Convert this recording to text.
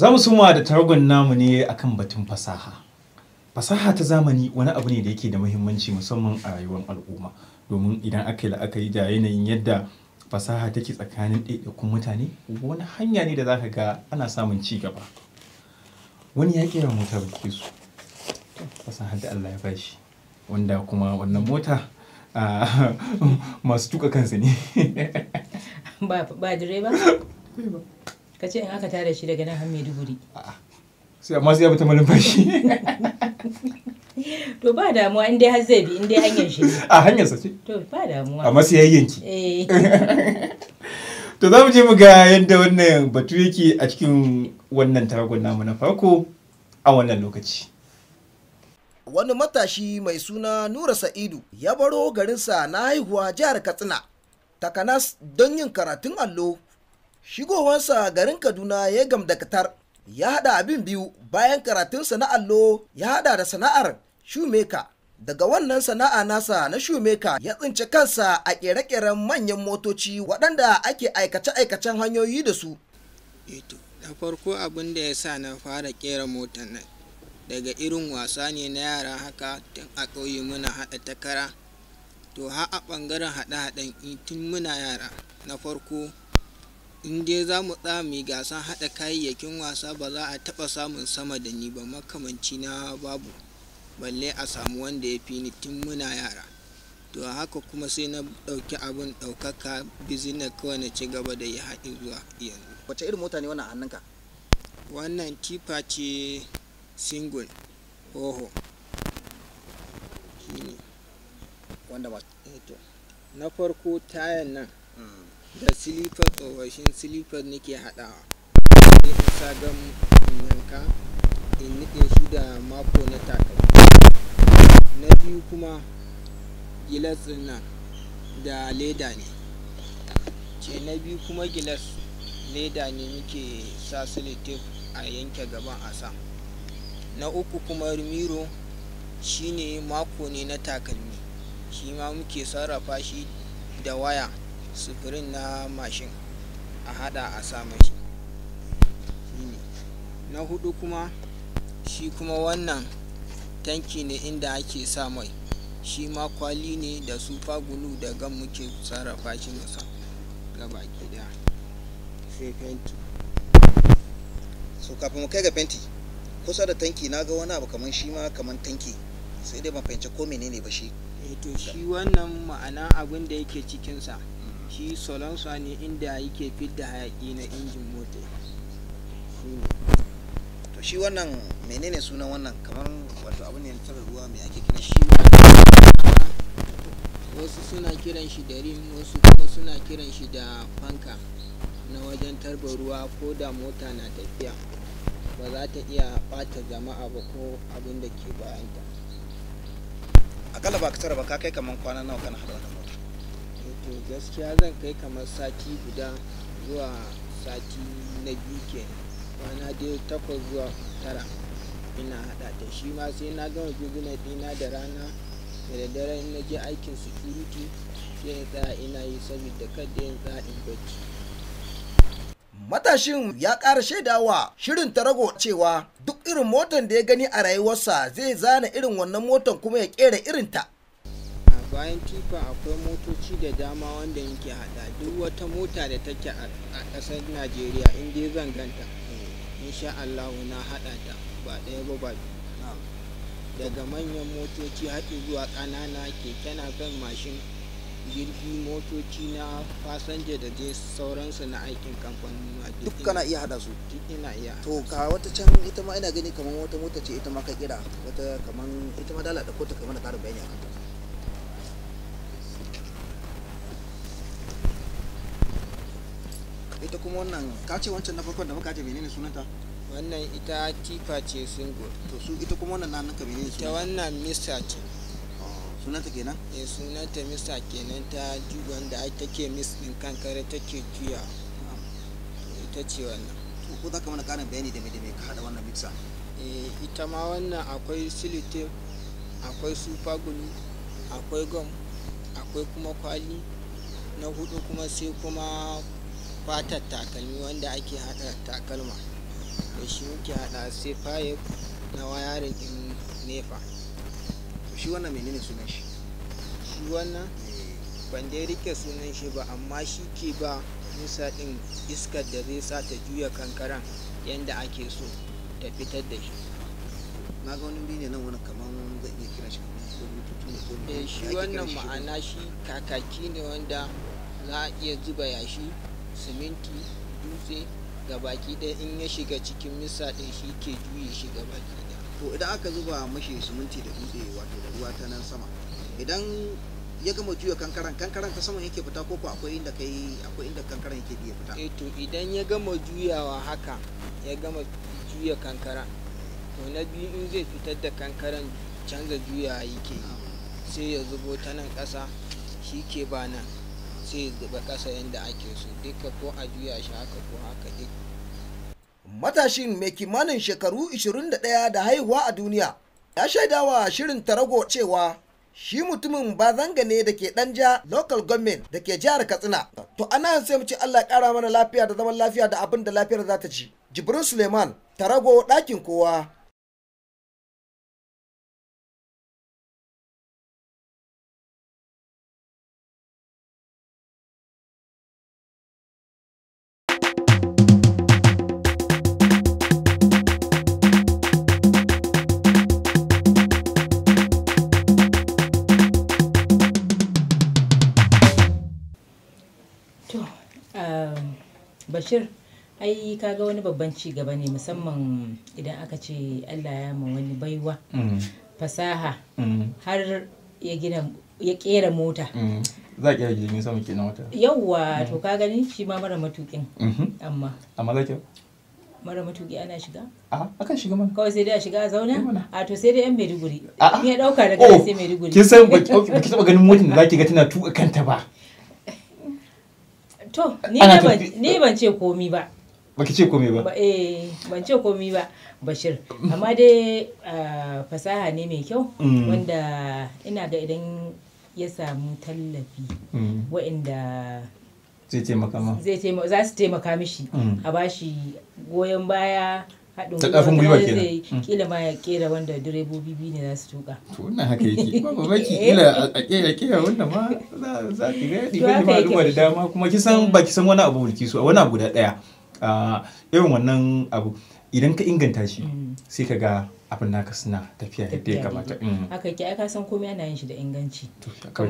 za mu suma da targon namu ne akan batun fasaha fasaha ta zamani wani abu ne da yake da muhimmanci musamman a rayuwar al'umma domin idan aka yi la'akari da yanayin yadda fasaha take tsakanin ɗaiɗaikun mutane wani hanya ne da za ka ga ana samun ci gaba wani ya kera mota ba ke su fasaha da allah ya bashi wanda kuma wannan mota masu tuka kansa ne ba direba ka ce in aka tare shi daga nan har maiduguri sai amma sai ya bata malin bashi to ba damuwa in dai har zai bi in dai hanyar shi a hanyar sa ce to ba damuwa amma sai yayin ki eh. to za mu je mu ga yadda wannan batu yake a cikin wannan tawagon namu na farko a wannan lokaci wani matashi mai suna nura sa'idu ya baro garinsa na haihuwa jihar katsina takanas don yin karatun allo shigowansa garin kaduna ya gamda katar ya hada abin biyu bayan karatun na allo ya hada da sana'ar shumeka daga wannan sana'a nasa na shumeka ya tsinci kansa a kere-keren manyan motoci waɗanda ake aikace-aikacen hanyoyi da su da eh farko abin da ya sa na fara kera motar nan daga irin wasa ne na yara haka tun a ƙauye muna haɗa takara to ha a ɓangaren haɗe-haɗen tun muna yara na farko in dai za mu tsami gasan haɗa kayayyakin wasa ba za a taɓa samun sama da ni ba makamanci na babu balle a samu wanda ya fi ni tun muna yara to haka kuma sai na ɗauki abin ɗaukaka bizina kawai na ci gaba da ya haɗi zuwa yanzu wace irin mota ne wannan hannunka wannan tifa ce single hoho shine wanda eh na farko tayan nan hmm. da silifar tsohon silifar nake haɗawa sai in sagan yanka in nike shi da mako na takalmi na biyu kuma gilas na da leda ne ce na biyu kuma gilas leda ne muke sa silitef a yanke gaban asa na uku kuma miro shine mako ne na takalmi shi ma muke sarrafa shi da waya sufurin na mashin a hada a sa mashi na hudu kuma shi kuma wannan tanki ne inda ake sa mai shi ma kwali ne da sufa gulu da gan muke sarrafa shi musa ga baki da fenti so kafin mu kai ga fenti kusa da tanki na ga wani abu kamar shi ma kamar tanki sai dai ban fahimci ko menene ba shi eh to shi wannan ma'ana abin da yake cikinsa shi solonsa ne inda yake fidda hayaki na injin mota to shi wannan menene sunan wannan kamar wato abu ne na tara ruwa mai ake kira shi wasu suna kiran shi da rim wasu kuma suna kiran shi da fanka na wajen tarbar ruwa ko da mota na tafiya ba za ta iya bata jama'a ba ko abin da ke bayanta akalla ba ka tara ba ka kai kamar kwana nawa kana hada gaskiya zan kai kamar sati guda zuwa sati na biyu ke kwana dai takwas zuwa tara ina hada ta shi ma sai na gama business dina da rana da daddare na je aikin security sai in tsaya ina yi saboda kada in tsaya bacci matashin ya ƙara shaidawa shirin tarago cewa duk irin motan da ya gani a rayuwarsa zai zana irin wannan motan kuma ya ƙera irinta bayan tifa akwai motoci da dama wanda yake hada duk wata mota da take a kasar najeriya in dai zan ganta insha allahu na hada ta ba ɗaya ba ba daga manyan motoci haɗi zuwa ƙanana ke kana kan mashin jirgi motoci na fasanja da dai sauransu na aikin kamfanin duk kana iya hada su ina iya to ka wata can ita ma ina gani kamar wata mota ce ita ma ka kira wata kamar ita ma dala da kota kamar da ƙara bayani a kanta kuma wannan ka ce wancan na farkon da muka ce menene sunanta wannan ita tifa ce singo to su ita kuma wannan nan ka menene sunanta wannan mista ce oh, sunanta kenan eh sunanta mista kenan ta jugon da take mis din kankare take juya ita ce wannan to ko zaka mana karin bayani da me da me ka hada wannan mixer eh ita ma wannan akwai silite akwai super glue akwai gum akwai kuma kwali na hudu kuma sai kuma fatar takalmi wanda ake haɗa takalma da shi muke haɗa sai fayif na wayarin ɗin nefa shi wannan menene sunan shi shi wannan ban dai rike sunan shi ba amma shi ke ba nisa din iskar da zai sa ta juya kankaran yadda ake so ta fitar da shi na ga wani ne nan wani kamar zai iya kira shi kamar ko rututu ne ko eh, shi wannan ma'ana shi kakaki ne wanda za a iya zuba yashi siminti dutse gabaki ɗaya in ya shiga cikin misa ɗin shi ke juye shi gabaki ɗaya to idan aka zuba mashi siminti da dutse wato da ruwa ta nan sama idan ya gama juya kankaran kankaran ta saman yake fita koko akwai inda kai akwai inda kankaran yake biye fita eh to idan ya gama juyawa haka ya gama juya kankara to na biyu in zai fitar da kankaran canza juya yake sai ya zubo ta nan ƙasa shi ke ba nan ce zuba ƙasa yadda ake so duka ko a juya shi haka ko haka matashin mai kimanin shekaru 21 da haihuwa a duniya ya shaidawa shirin tarago cewa shi mutumin ba zanga ne da ke danja local government da ke jihar katsina to ana sai mu ce allah kara mana lafiya da zaman lafiya da abin da lafiyar za ta ci jibrin suleiman tarago ɗakin kowa to um, bashir ai kaga wani babban ci gaba ne musamman idan aka ce allah ya ma wani baiwa mm. fasaha mm. har ya gina ya kera mota mm. za ki rage jirgin sama kenan wata yawwa to ka gani shi ma mara matukin mm-hmm. amma amma za ki mara matuki ana shiga a akan shiga mana kawai sai dai a shiga a zauna a to sai dai yan maiduguri Ni ya dauka daga oh, sai maiduguri kin san ba ki taba ganin motin da zaki ga tana tuka kanta ba To, ni ban ce komi ba. Baki ce komi ba? Eh, ban ce komi ba, Bashir. Amma dai ah, fasaha ne mai kyau mm. wanda ina ga idan ya samu tallafi mm. waɗanda zai za su taimaka mishi mm. a bashi goyon baya haɗin ta ƙarfin gwiwa kenan kila ma ya kera wanda direbobi biyu ne za su tuka to wannan haka yake ba mamaki kila a kera kera wanda ma za ki ga yadda ga ma'aluma da dama kuma kisan ba kisan wani abu bulki su wani abu guda ɗaya irin wannan abu idan ka inganta shi mm. sai ka ga abin naka suna tafiya yadda ya kamata mm. haka ke aka san komai ana yin shi da inganci